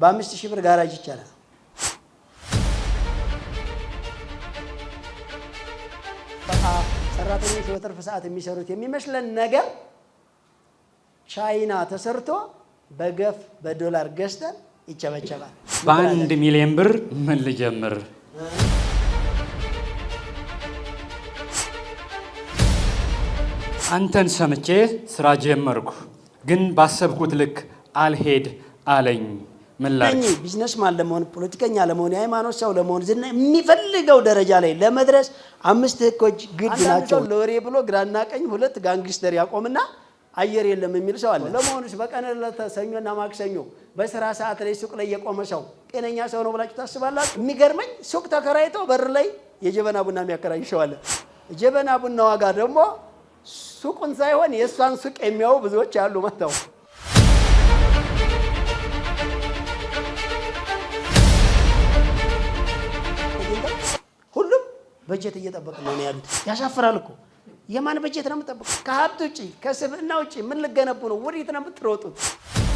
በአምስት ሺህ ብር ጋራጅ ይቻላል። ሰራተኞች በትርፍ ሰዓት የሚሰሩት የሚመስለን ነገር ቻይና ተሰርቶ በገፍ በዶላር ገዝተን ይቸበቸባል። በአንድ ሚሊዮን ብር ምን ልጀምር? አንተን ሰምቼ ስራ ጀመርኩ፣ ግን ባሰብኩት ልክ አልሄድ አለኝ። ቢዝነስማን ለመሆን ፖለቲከኛ ለመሆን የሃይማኖት ሰው ለመሆን ዝና የሚፈልገው ደረጃ ላይ ለመድረስ አምስት ህጎች ግድ ናቸው። ለወሬ ብሎ ግራና ቀኝ ሁለት ጋንግስተር ያቆምና አየር የለም የሚል ሰው አለ። ለመሆኑስ በቀን ዕለተ ሰኞና ማክሰኞ በስራ ሰዓት ላይ ሱቅ ላይ የቆመ ሰው ጤነኛ ሰው ነው ብላችሁ ታስባላችሁ? የሚገርመኝ ሱቅ ተከራይቶ በር ላይ የጀበና ቡና የሚያከራይ ሰው አለ። ጀበና ቡና ዋጋ ደግሞ ሱቁን ሳይሆን የእሷን ሱቅ የሚያው ብዙዎች አሉ። መተው በጀት እየጠበቅ ነው ያሉት። ያሻፍራል እኮ የማን በጀት ነው የምጠብቀው? ከሀብት ውጭ ከስብና ውጭ ምን ልገነቡ ነው? ወዴት ነው የምትሮጡት?